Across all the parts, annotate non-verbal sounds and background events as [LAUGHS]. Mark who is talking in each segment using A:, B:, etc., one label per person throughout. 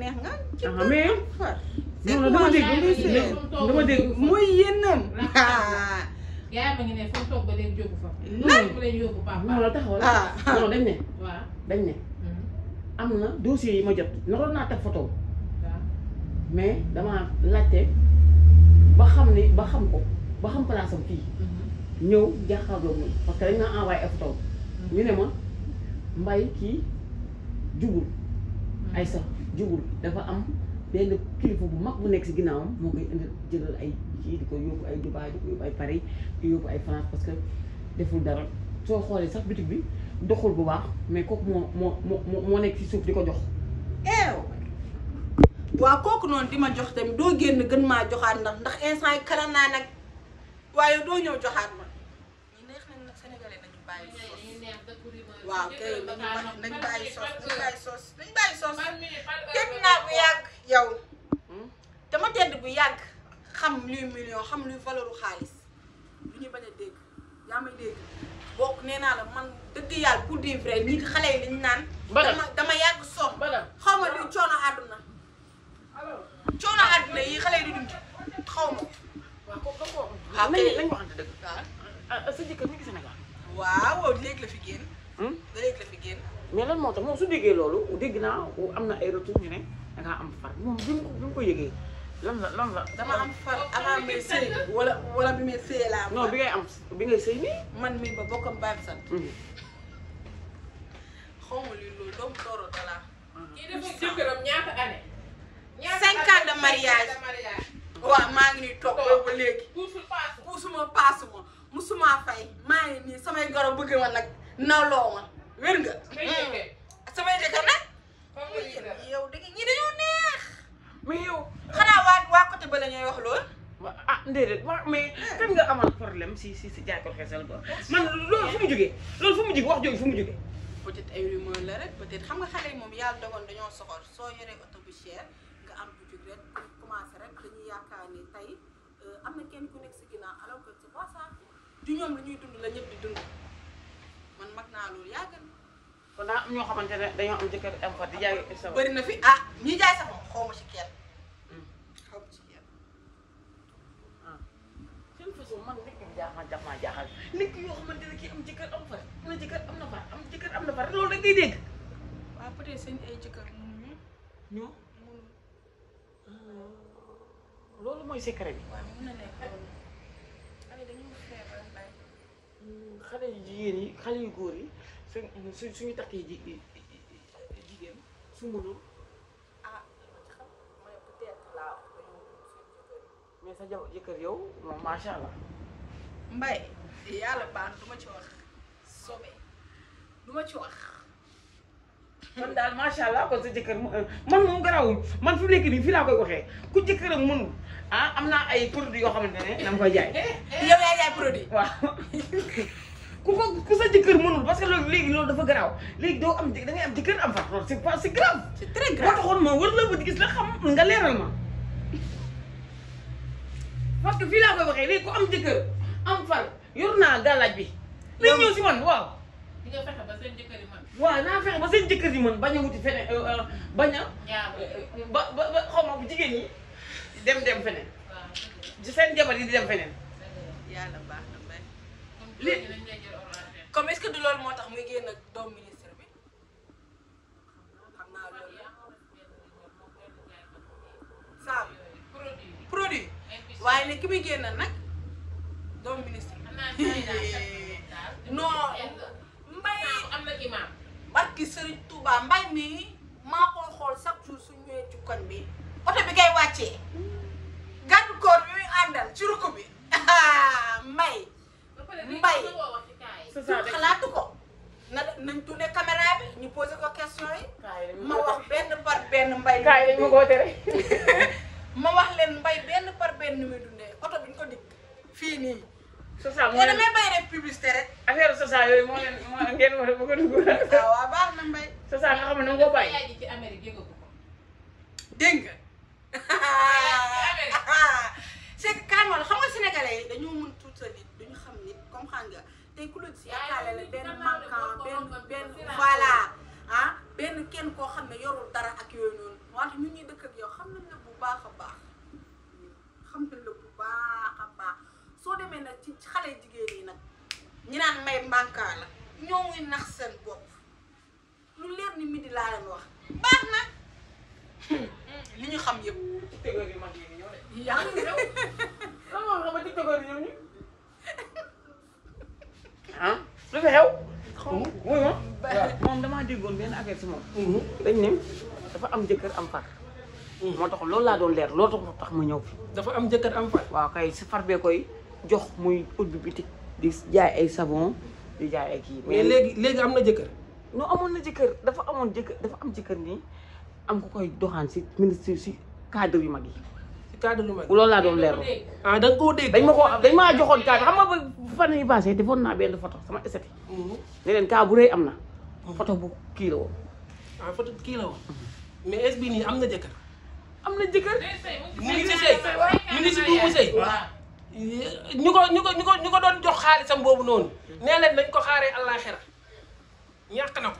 A: neex la ci biir far. dama dégg dama dégg muy yéenam. yaa ngi ne foo toog ba hmm. ah. dañ ne. dañ ne. Hmm. am na dossier yi ma jot naroon naa teg foto mais damaa laajte ba xam ne ba xam ko ba xam place am fii. Hmm. ñëw jàkkaarloo moom parce que dañ naa envoyé ak photo ñu ne ma mbay kii jugul ay sax. jubul dafa am benn kilifa bu mag bu nekk si ginnaawam moo koy indi jëlal ay kii di ko yóbbu ay Dubaï yóbbu ay Paris di yóbbu ay France parce que deful dara soo xoolee sax bitig bi doxul bu baax mais kooku moo moo moo moo nekk si suuf di ko jox. eew waa kooku noonu di ma jox tamit doo génn gën maa joxaat ndax ndax instant yi kala naa nag waaye doo ñëw joxaat ma. waaw kay nañ bàyyi sos nañ bàyyi sos nañ bàyyi naa bu yàgg yow hmm? dama tedd bu yàgg xam luy million xam luy valeuru xaalis lu ñu bañ a dégg yaa may dégg bokk nee la man dëgg yàlla pour dire vrai ñi xale yi lañ naan dama dama yàgg sonn xaw ma luy coono àdduna coono àdduna yi xale yi di dund xaw ma waaw kay lañ ah, ah, la fi génn Hmm? mais lan moo tax moom su déggee loolu dégg naa am na ay retour ñu ne da am far moom bi mu ko yëgee lan la lan la. dama am far avant may sëy wala bi may sëyee laa am. bi ngay am bi ngay sëy man mii ba bokkam baal sant. Hmm. xaw ma ah. waaw maa ngi nii toog ba léegi. puusuma paasuma musuma fay maa ngi nii samay goro bëgg ma nag. nolong ma wér nga. samay jëkkër nag. yow dëgg ñi dañoo neex. mais ah déedéet waaw mais kan nggak amal problem si si sejak jaay kesel xeesal man loolu fu juga. jógee loolu juga. Waktu jógee peut la rek peut être xam nga dañoo soxor bu cher nga am bu rek commencé rek yaakaar ni kenn ku alors que ça du dund la di dund. man mag naa loolu yàgg na. kon daa am ñoo xamante ne dañoo am jëkkër am fa di jaay savon. bëri na fi ah ñi jaay savon xaw ma ci kenn. Hmm. ma ci kenn. ah yoo xamante ne kii am jëkkër am fa am na jëkkër am na fa am jëkkër am na fa loolu rek ngay dégg. waaw peut-être seen ay jëkkër mënuñu. ñu mënuñu. Ah. loolu mooy secret bi. xale yu jigéen yi xale yu góor yi suñ suñu takkee ji jigéen su mënul ah, mais sa jabar jëkkër yow moom macha allah. mbay yàlla baan du ma ci wax sobe du ci wax man daal macha allah kon sa jëkkër man moom garaawul man fu mu nekk nii fii laa koy waxee ku jëkkëram mënul ah am naa ay produits yoo xamante ne dama koy jaay. Eh, eh. yow yaa jaay produit. waaw ku ko ku sa jëkkër mënul parce que loolu loolu dafa garaaw léegi doo am da ngay am jëkkër am fa loolu c'est pas c'est grave. c'est très grave boo taxoon ma gis la xam nga leeral ma. parce que fii laa koy am jëkkër am far yor naa gàllaaj bi. léegi ñëw si man waaw. di nga fexe ba seen yi mën. naa fexe ba seen jëkkër yi mën bañ wuti feneen euh, euh, bañ euh, ba ba bu jigéen ñi. dem dem feneen. waaw seen jabar yi di dem feneen. yàlla baax na mbay. li comme est-ce loolu moo tax muy génn ak doom ministre bi xam naa loolu saam produit waaye ne ki muy génn nag doom ministre non mbay am na imam barki Serigne Touba mbay mi maa koy xool chaque jour su ñëwee bi auto bi ngay wacce gadu koor bi muy andal ci rukk bi may may xalaatu ko na nañ tourné caméra bi ñu poser ko question yi ma wax benn par benn mbay kay dañ ma ko téré [LAUGHS] ma wax len mbay benn par benn nu muy dundee oto bi ñu ko dik fi ni social moo leen bay rek publicité rek. affaire social yoy mo len mo ngeen wara bëgg dugg. waaw baax na mbay. social nga xam ne ci Amérique koo ko. dégg nga. c'est que kaay xam nga dañoo mën tuut sa nit duñu xam nit comprendre nga tey ku la si yaakaar la benn manquant benn benn ah, koo xam ne yorul dara ak yooyu noonu wante ñun ñuy dëkk ak yow xam nañ la bu baax a baax xam nañ la bu baax a baax soo demee nag ci xale jigéen yi nag ñi naan may manquant la ñoo ngi nax seen bopp lu leer ni midi laa leen wax. li ñu xam yëpp. tiktokeur yu mag yi di ñëw de. [LAUGHS] yaa xam ne tiktokeur ñu. xew. ma moom damaa déggoon benn affaire si moom. Mhm. dañ ne dafa am jëkkër am far. Mhm. moo tax loolu laa doon leer loolu tax ma ñëw fii dafa am jëkkër am far. waaw kay si far bee koy jox muy ubbi bitik di jaay ay savon di jaay ay kii. mais léegi léegi am na jëkkër. non amoon na jëkkër dafa amoon jëkkër dafa am jëkkër nii. am ku koy doxaan si ministre si cadre yu mag yi. si cadre yu mag yi loolu laa doon leerlu. ah da nga dañ ma ko joxoon cadre xam nga defoon naa benn photo sama esthétique. Mhm. ne am na. Mhm. photo bu kii la ah, nii am na jëkkër. na jëkkër. mu si sëy ministre bi mu sëy. ñu ko ñu ko ñu ko ñu ko doon jox xaalisam boobu noonu. nee leen nañ ko xaaree àllaaxira ñàkk na ko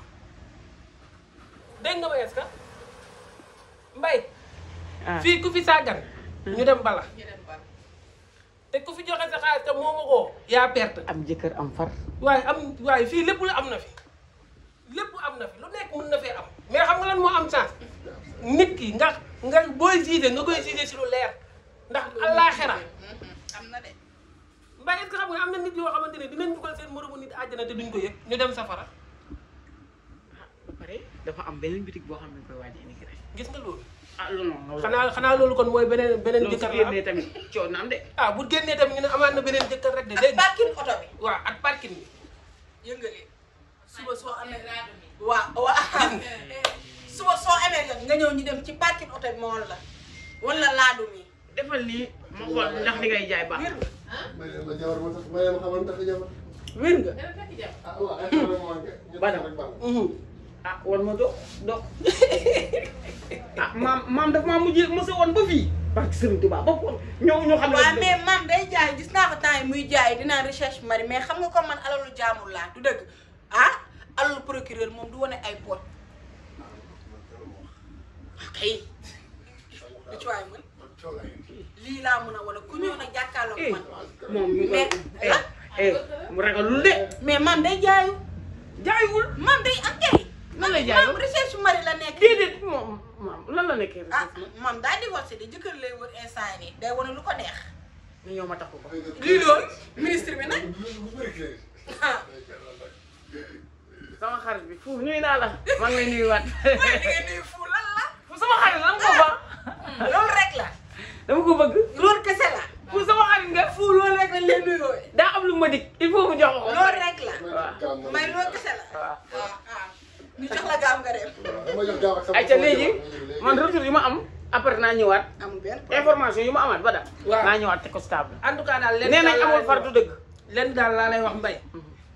A: nga mbay ah. fii ku fi sàggan hmm. ñu dem bala te ku fi joxe sa xaalis te moomu ko yaa perte am jëkkër am far waaye am waaye fii lépp la am na fi lépp am na fi lu nekk mën na fee am mais xam nga moo am chance nit ki nga nga booy jiite nga koy jiite si lu leer ndax allaaxira mm-hmm. am na de mbay est-ce xam nga am na nit yoo xamante ne dinañ dugal seen moromu nit àjjana te duñ ko yëg ñu dem safara ah, pare dafa am beneen bitig xam ne gis nga loolu. ah non non loolu kon mooy beneen beneen. jëkkër la am tamit coow am de. ah bu génnee tamit ñu ne amaat na beneen jëkkër rek de. léegi ak parking oto bi. waaw ak parking bi. soo amee. waaw waaw suba soo amee nag nga ñëw ñu dem ci parking oto bi moo la wala laadu mi. defal lii ma xool ndax li ngay jaay baax. a jawar. wér ah wan ma dox dox [LAUGHS] ah maam maam dafa maa mujjee ma sa wan ba fii parce que Serigne Touba ba ñoo ñoo xam ne waaw mais maam day jaay gis naa ko temps yi muy jaay dinaa mais xam nga comme man alalu jaamur laa du dëgg ah moom du wane ay poot kay laa eh, ah. eh, eh, mu ragalul mais maam day jaayu jaayul maam day ak kay lan lay jaay recherche mari la nekk. déedéet moom moom lan la nekkee ah, recherche mari. ah moom daa divorcé de jëkkër lay wër instant nii day wane lu ko neex. ñu ñëw ma taxu ko. lii loolu ministre bi nag. Ah. sama xarit bi fuuf nuyu naa la. maa ngi lay nuyuwaat. [LAUGHS] fu sama xarit lan ko fa. Ah, loolu rek la. dama ko bëgg. loolu kese la. fu sama xarit nga. fuuf loolu rek la ay ca léegi man retour yu ma am après naa ñëwaat. information yu ma amaat ba naa ñëwaat te ko stable. en tout cas daal lenn nee nañ amul far dëgg. lenn daal laa lay wax mbay.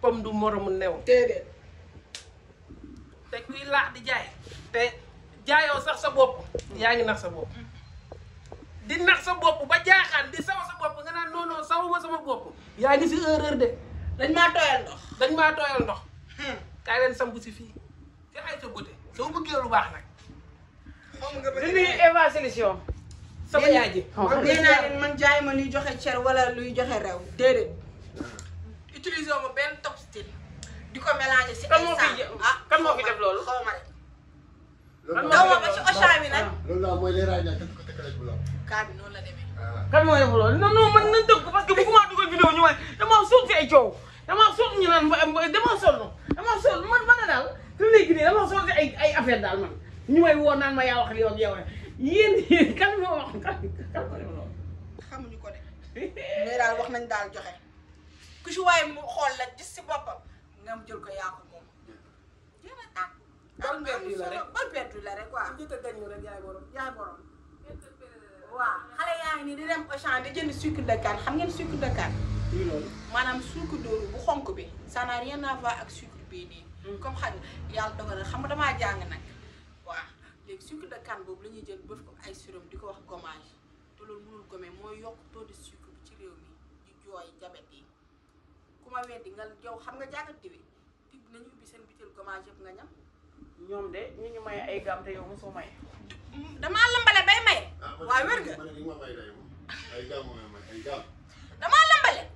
A: pomme du moromu te kuy laax di jaay. te jaayoo sax sa bopp. yaa ngi nax sa bopp. di nax sa bopp ba jaaxaan di saw sa bopp nga naan non non sawuma sama bopp. yaa ngi si erreur de. dañ maa tooyal ndox. dañ maa tooyal ndox. Hmm. kaay leen si fii. fi ay sa bote soo bëggee lu baax nag. li muy évangélisation. sama yaay ji nee naa leen man jaay ma luy joxe cer wala luy joxe rew déedéet. utilisé ma benn top style di ko mélangé si. kan moo fi ah kan moo fi def loolu loolu daw ba ci ah, ko tëkkale bu ah. moo def loolu non non man nañ dëgg parce que bëgguma dugal vidéo ñu waaye damaa sonn si ay coow damaa sonn ñu man man daal fi mu nekk nii damaa sonn ay ay daal man. ñu may woo naan ma yaa wax li yow yow yéen kan moo wax kan kan ko def loolu. xamuñu de mais daal wax nañ daal joxe ku si waaye mu xool la gis si boppam nga jël ko yaa ko moom. jéem a tàkk. bal perdu la rek bal perdu la rek waaw. a gañ yaay nii di dem Auchan di jënd sucre de canne xam ngeen sucre de canne. maanaam sucre dóoru bu xonk bi. ça n'a rien ak sucre bii nii. Hmm. comme xam yàlla dogal na xam damaa jàng nag. léegi sucre de canne boobu la ñuy jël bëf ko ay sérum di ko wax gommage te loolu mënul gommé mooy yokk taux de sucre bi ci réew mi di jooy jabet yi ku ma weddi nga yow xam nga jàngat diwi tib nañu ubbi seen bitel gommage yëpp nga ñam. ñoom de ñu ñu may ay gam te yow mosoo may. damaa lambale bay may. Ah, waaw wér nga damaa lambale.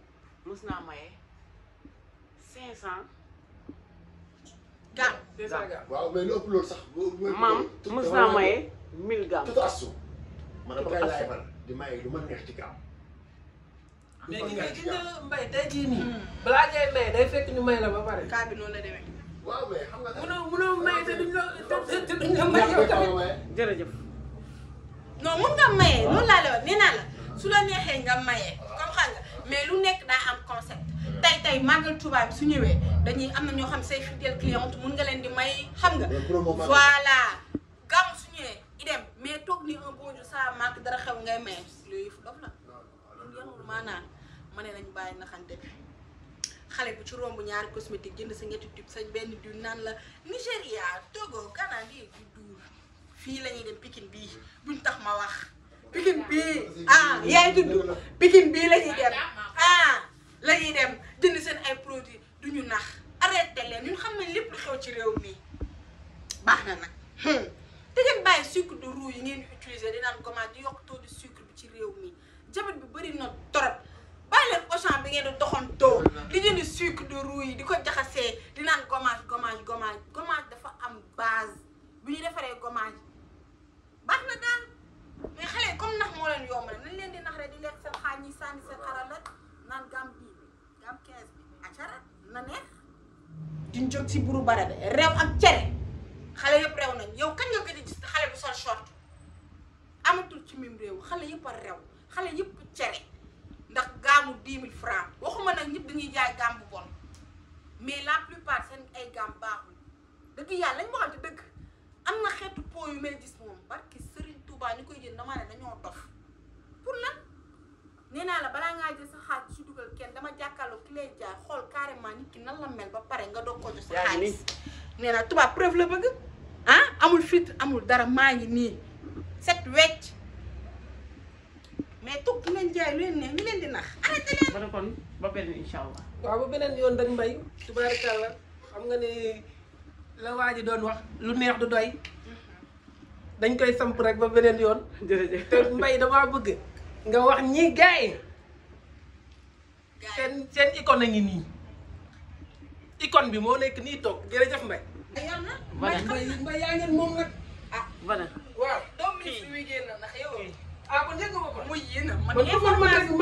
A: mës naa maye cinq cent naa maye mille gàmm. man a ba ngay di maye lu ma neex ci gàmm. mais ni ngay gis nga noonu mun nga maye ah. loolu laa lay wax naa la su la neexee nga maye. mais lu nekk daa am concept tey tey màggal Tuubaa bi su ñëwee dañuy am na ñoo xam say fidèle client mun nga leen di may xam nga voilà gàmm su ñëwee idem mais toog ni un bon jour ça manque dara xew ngay maye loolu yëfu dof la yëngul maanaan ma ne nañ bàyyi naxante bi xale bu ci romb ñaari cosmétique jënd sa ñetti tube sa benn diw naan la Nigéria Togo Canada di duur fii la ñuy dem Pikine bii buñ tax ma wax pikin bi ah yaay tudd pikin bii la ñuy dem ah la ñuy dem jënd seen ay produits du ñu nax arrêté leen ñun xam nañ lépp lu ci réew mi baax na nag hmm. te ngeen bàyyi sucre de roux yi ngeen di utiliser di naan comment di yokk too de sucre bi ci réew mi jabet bi bëri na torop bàyyi leen Auchan bi ngeen di doxantoo di jënd sucre de roux yi di ko jaxasee di naan gommage gommage gommage gommage dafa am base bu ñu defaree gommage. na neex duñ jóg si buru bara de réew ak cere xale yëpp réew nañ yow kañ nga gën a gis xale bu sol short amatul ci même réew xale yëpp a réew xale yëpp cere ndax gaamu dix mille francs waxuma nag ñëpp dañuy jaay gaam bu bon mais la plupart seen ay gaam baaxul dëgg yàlla lañ waxante dëgg am na xetu po yu may gis moom barki Serigne Touba ñu koy jënd damaa ne dañoo dof pour lan nena la bala nga jé sa xaalis su dugal kenn dama jakkalo clé dia xol carrément nit ki nan la mel ba paré nga doog ko jox sa xaalis nee preuve la bëgg hein ah, amul filtre amul dara ma ngi ni set wecc mais toog di jay jaay ne ñu len di nax arrêté len ba kon ba beneen inshallah wa bu ba yoon dañ mbay tubarakallah xam nga ne la waji doon wax lu neex du doy mm-hmm. dañ koy samp rek ba beneen yoon. jërëjëf te mbay dama bëgg. nga wax ñi gars yi seen seen icône a ngi nii bi moo nekk nii toog jërëjëf Mbaye. voilà Mbaye Mbaye yaa ngeen moom nag. ah, ah. voilà. waaw doomu ministre bi génn ndax yow. ah kon dégg nga ko. muy yéen a man information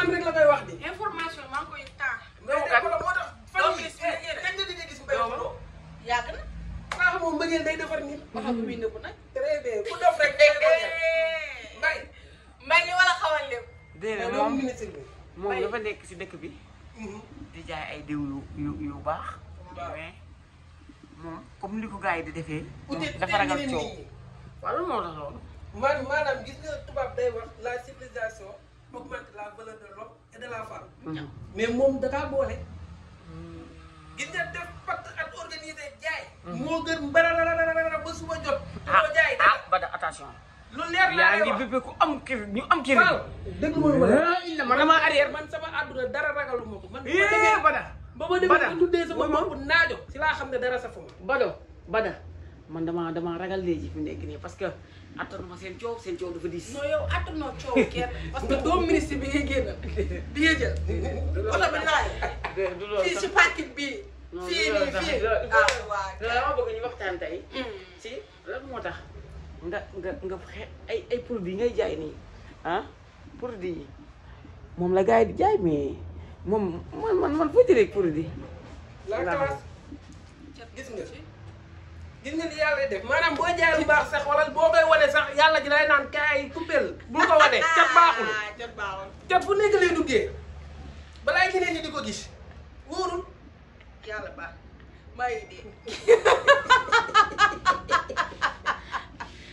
A: waa mais moom comme li ko gars yi di defee. dafa ragal coow wala moo tax man maanaam gis nga tubaab day wax la civilisation mm-hmm. mais moom da kaa boole. Mm. gis nga def pàcc ak organisé jaay. Mm-hmm. moo gën mbararararara ba suba jot. ah ah ba da attention. lu leer la yaa ngi bébé ku am kii ñu am kii. waaw dëgg mooy wala. man damaa arrière man sama àdduna dara ragalu ma ko. man bu ma demee ba da. ba ma demee ba tuddee sama bopp naajo si laa xam ne dara sa fa ma bado bada man damaa damaa ragal léegi fi mu nekk nii parce que attan ma seen coow seen coow dafa diis. non [LAUGHS] parce que doomu ministre bi ngay génn bi ngay si parking bii.
B: fii nii fii waaw ah,
A: waaw. dama bëgg waxtaan tey. Hmm. si lan moo tax nga nga nga ay ay produits ngay jaay nii ah produits yi moom la gars yi di jaay mais. moom man man man foo jëlee produit. la classe gis nga gis nga ni yàlla def maanaam boo jaay lu baax sax wala boo koy wane sax yàlla ji lay naan kaay coupéel bul ko wane ca [LAUGHS] baaxul ca ah, bu nekk lay duggee balaa ñeneen gis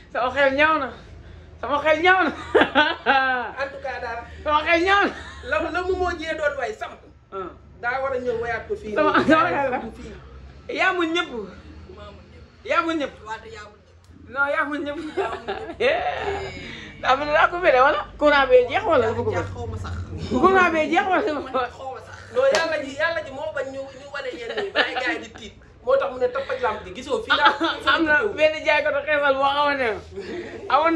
A: [LAUGHS] sama xel sama xel [LAUGHS] en tout cas sama xel la la mu moo jee doon way samp ah. daa war a ñëw wayaat ko fii yaa mun ñëpp yaa mun ñëpp non yaa mun ñëpp [LAUGHS] eh. daa mun daa ko fere wala courant bee jeex wala dafa ko bëgg wala non yàlla ji yàlla ji moo bañ ñu ñu wane yenn yi bàyyi gars yi di tiit moo tax mu ne toppaj lamp di gisoo fii laa ah, ah, am na benn jaaykatu xeesal boo xamante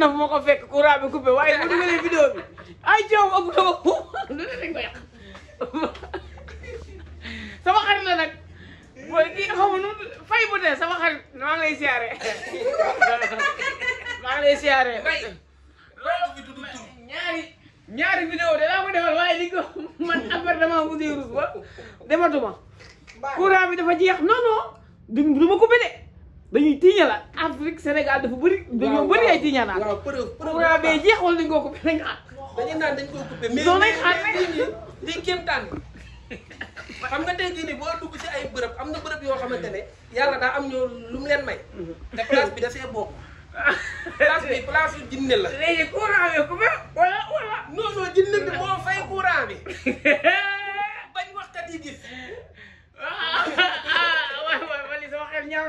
A: na fu ma ko fekk courant bi coupé waaye bu dugalee vidéo bi Ayo, aku wag mo. Narinig mo Sama ka na nag... Hindi ako nun. Five mo na, sama ka. Mga lesiyare. Mga lesiyare. Nyari. Nyari video, dala mo defal waaye di ko aku appartement bu di rus ba dematuma courant bi dafa jeex non no. duñ duma ko aku dañuy tiñala Afrique Sénégal dafa bëri dañoo bëri ay tiñana courant bee jeex wala dañ ko ko nga dañuy naan dañ koy coupé mais loolay xaar mais lii nii lii kéemtaan xam nga tey jii nii boo dugg ci ay bërëb am na bërëb yoo xamante ne yàlla daa am ñoo lu mu leen may te place bi dafee bokk place bi place yu jinne la léegi courant bi ku wala wala non non jinne bi moo fay courant bi [LAUGHS] bañ waxkat yi gis ah, ah, ah, waay waay wali sama xel ñaaw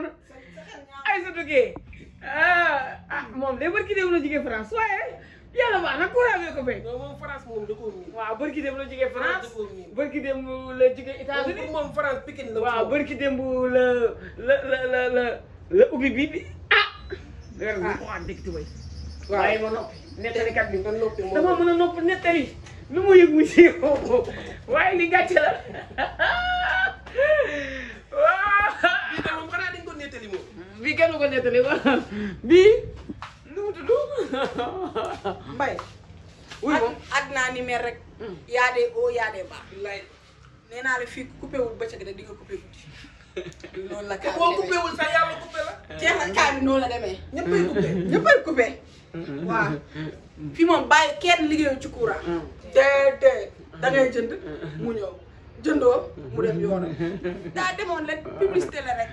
A: ay sa duggee ah moom day war ki na jigéen France waaye Ya baax aku courage yoo ko béy. non France moom da koo miin. waaw barki dem la jógee France barki dem la jógee États-Unis moom France Pikine la. waaw barki dem la la la la la bi ah. Kan weer bii ko xam dëgg tubay. waaw waaye ma noppi nettalikat bi nga noppi moom dama mën a noppi lu ma yëg mu li mbay wuy ma àddinaa ni mer rek. Mm. yaa dee oo yaa dee baax. nee naa la fii coupé wul bëccëg rek di nga coupé guddi. [LAUGHS] noonu la kaa bi demee boo coupé wul sax yàlla coupé la. jeex na kaa bi noonu la demee. ñëppay coupé mm. ñëppay coupé. waaw fii moom bàyyi kenn liggéeyoo ci courant. Mm. déedéet da ngay jënd mu ñëw. jëndoo mu dem yoonam daa demoon rek publicité la rek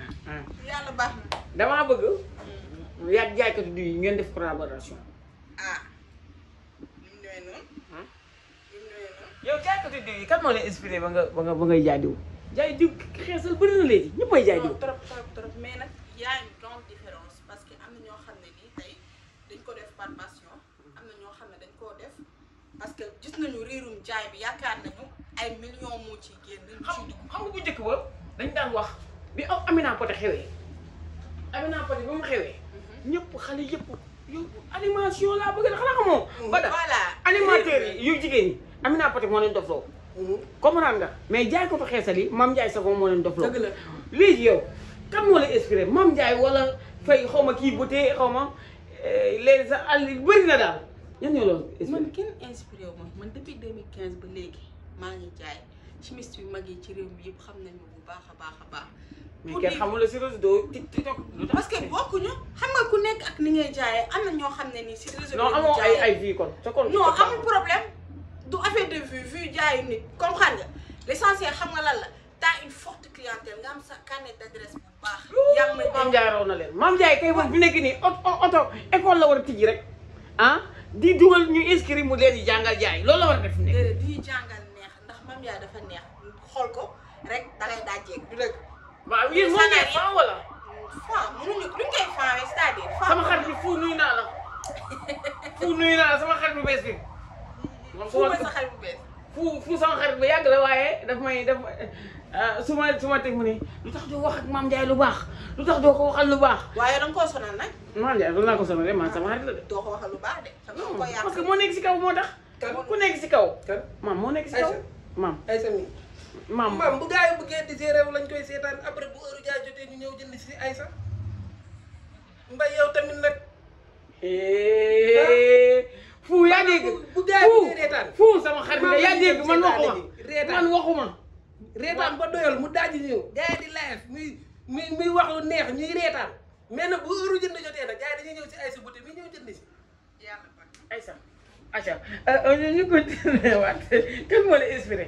A: yàlla baax na damaa bëgg yaag jaaykatu diw yi ngeen def collaboration ah ni mu demee yi hmm? kan moo lay inspiré ba nga ba nga ba ngay jaay diw. jaay diw ñëpp may jaay diw. trop trop trop mais nag y a une différence parce que am na ñoo xam ne nii tey dañ ko def par passion am na ñoo xam ne dañ koo def parce que gis nañu réerum jaay bi yaakaar nañu ay millions moo ciy génn. xam xam nga bu njëkk ba dañ daan wax bi aw Amina Poté xewee Amina Poté ba mu xewee. Mhm. ñëpp xale yëpp. yow animation laa bëgg xanaa xamoo. Mm. voilà animateur yu jigéen am naa Poté moo leen dofloo. Mm. comprendre nga mais jaay ko fa xeesali Mame Ndiaye Savon moo leen dofloo. dëgg la léegi yow kan moo la inspiré Mame Ndiaye wala Faye xaw ma kii beauté xaw ma eh, léegi sax àll bëri na daal yan ñoo loolu. man kenn inspiré wu ma man depuis 2015 ba léegi maa ngi jaay chimiste yu mag yi ci réew mi yëpp xam nañu bu baax a baax a baax. mais kenn xamul si réseau TikTok parce que xam nga ku nekk ak ni ngay jaayee am na ñoo xam ne nii si réseau non amoo ay ay vie kon kon non amul problème du affaire de vue vue jaayu nit comme xam nga l'essentiel nga lan la t'as une forte clientèle nga am sa carnet d'adresse bu baax yàlla na leen Mame Ndiaye kay moom oto école la war a tijji rek ah di dugal ñu inscrire mu leen di jàngal jaay loolu la war a def nekk di jàngal neex ndax Mame Ndiaye dafa neex xool ko rek da ngay daajee du dëgg waaw yéen moo ñëwee fan wala. fan mënuñu luñ koy fanwee c'est-à-dire. sama xarit fu nuyu naa la. [LAUGHS] fu nuyu naa la sama xarit bu bees bi. fu sa xarit bu fu sama xarit bu yàgg la waaye daf may daf ah, su ma su ma teg mu ne lu tax doo wax ak maam Ndiaye lu baax lu tax doo ko waxal lu baax. waaye da koo sonal nag. maam Ndiaye doon naa ko sonal de man sama xarit la de. doo ko waxal lu baax de. parce que moo nekk si kaw moo tax. ku nekk si kaw. maam moo nekk si kaw maam. maam maam bu gars yi bëggee di gérer lañ koy seetaan après bu heure jaay jotee ñu ñëw jënd si ay sax mbay yow tamit nag. fu yaa dégg bu gars yi reetaan fu sama xarit la yaa dégg man waxuma man waxuma. reetaan ba doyal mu daal di ñëw gars yi di live muy muy muy wax lu neex ñuy reetaan mais nag bu heure jënd jotee nag gars yi dañuy ñëw si ay sa buti mi ñëw jënd si. yàlla ay sax. acca ñu continué waat moo la inspiré.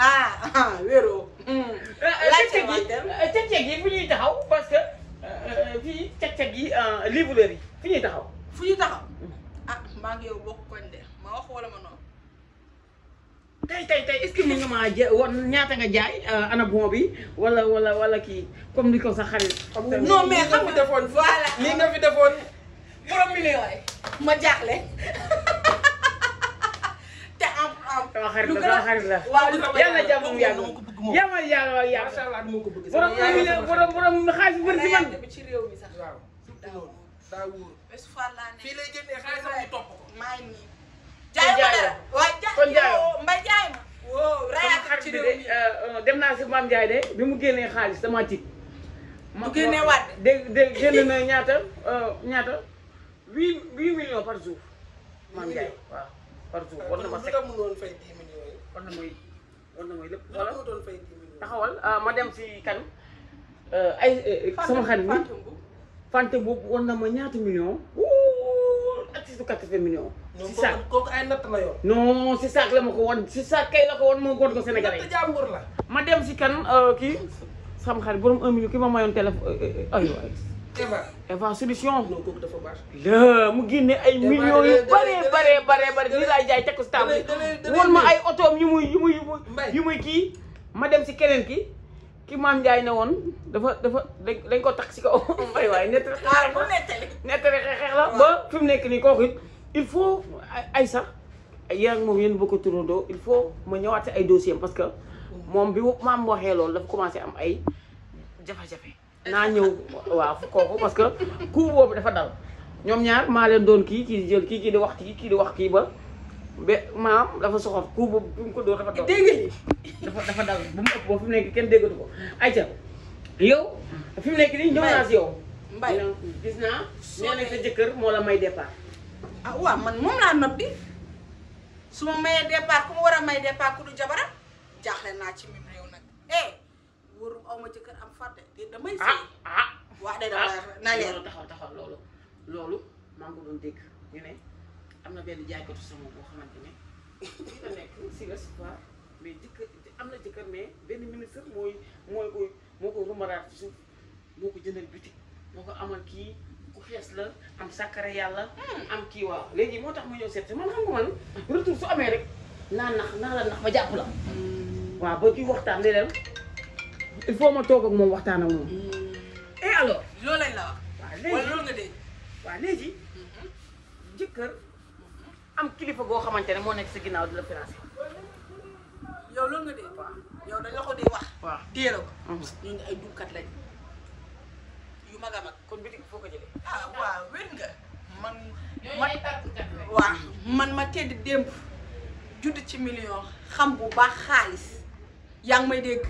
A: ah ah wéeroo. Hmm. Euh, euh, laajte yi euh, fu ñuy taxaw parce que fii càq yi livreur yi fi ñuy taxaw. fu ñuy taxaw hmm. ah maa ngi yow bokk koñ de ma wax wala ma noonu. tey tey tey est-ce que mën nga ñaata nga jaay anabon bi wala wala wala kii comme ni ko sa xarit. non mais xam nga fi defoon borom million ma jaaxle. sama xarit la sama xarit la yàlla jàmm yàgg yàlla yàlla yàgg macha allah dama ko bëgg borom borom borom xaalis bu bëri si man ci réew mi sax waaw surtout loolu daa wóor fii lay génnee xaalis am ñu topp ko maa ngi nii jaay ma dara waaw jaay ma jaay ma wóo rayaat ci réew mi euh, dem naa si Mame Ndiaye de bi mu génnee xaalis dama tiit mu génnee waat de de génn na ñaata euh, ñaata huit huit millions par jour Mame Ndiaye waaw par jour war na ma fekk mënoon fay dix millions yi taxawal ah, ma dem si kan eh, ay eh, eh, sama xarit bi boobu war na ma ñaata million artiste quatre-vingts millions si sac kooku ay natt la si sac la ma ko wan si sac kay la ko wan moo góor ko Sénégalais jàmbur la ma dem si kan euh, kii sama xarit un million ki ma mayoon téléphone euh, euh, ay Eva. Eh, Eva solution. non kooku dafa baax. la mu génne ay millions yu bare bare bare bare lii laay jaay teg ko si table ma ay otoom yu muy yu muy yu muy kii ma dem si keneen ki ki maam Ndiaye ne woon dafa dafa dañ ko tax si kaw mbay waaye nettali xeex la nettali xeex la ba fi mu nekk nii kooku it il faut ay sax yaa ngi moom yéen boo ko turandoo il faut ma ñëwaat ay dossier parce que moom bi maam waxee loolu dafa commencé am ay jafe-jafe naa ñëw waaw kooku parce que coup boobu dafa dal ñoom ñaar maa doon kii kii jël kii kii di wax kii kii di wax kii ba ba maam dafa soxal coup bu mu ko dóor dafa dal dégg dafa dafa dal bu mu ëpp boo fi nekk kenn déggatu ko ayca yow fi mu nekk nii ñëw naa si yow mbay gis naa nee na sa jëkkër moo la may départ ah waaw man moom laa noppi su ma mayee départ ku mu war a may départ ku du jabara jaaxle naa ci mim réew nag eh, wóor aw ma jëkkër am fàtte te damay ah, sëy ah wax de dama ah. na leer loolu taxaw loolu loolu maa ngi ko doon dégg ñu ne am na benn jaaykatu sama boo xamante ne fii la nekk am na jëkkër mais benn ministre mooy mooy koy moo ko rumaraat ci suuf moo ko jëndal bitik moo ko amal kii ku xees la am sàkkare yàlla am kii waaw léegi moo tax ma ñëw seet man xam nga su amee rek naa nax naa la nax ma jàpp la hmm. waaw ba kii waxtaan li leen il ma toog ak moom waxtaan ak moom. Mm. Eh, loolu lañ la wax. waaw léegi mm-hmm. jëkkër am kilifa goo xamante ne moo nekk sa ginnaaw di la financé. yow loolu nga dégg. waaw dañ la ko wax. waaw ko. Mm-hmm. ñun ay duubkat lañ yu mag mag kon bitig foo ko jëlee. ah waaw wér nga. man ma tedd démb judd ci million xam bu baax xaalis yaa ngi may dégg.